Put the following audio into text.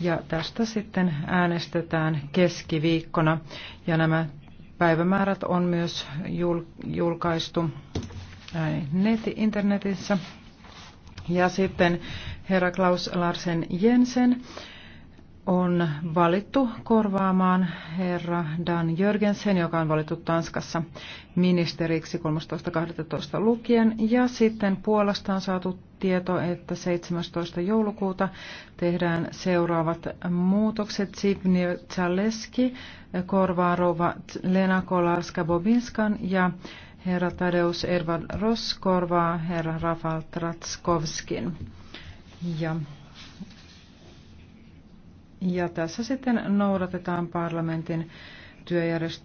Ja tästä sitten äänestetään keskiviikkona. Ja nämä päivämäärät on myös julkaistu neti, internetissä. Ja sitten herra Klaus Larsen Jensen on valittu korvaamaan herra Dan Jörgensen, joka on valittu Tanskassa ministeriksi 13.12. lukien. Ja sitten Puolasta on saatu tieto, että 17. joulukuuta tehdään seuraavat muutokset. Sibnir Czaleski korvaa rouva Lena Kolarska-Bobinskan ja herra Tadeus Edvard Ross korvaa herra Rafal Tratskovskin. Ja, ja tässä sitten noudatetaan parlamentin työjärjestyksen.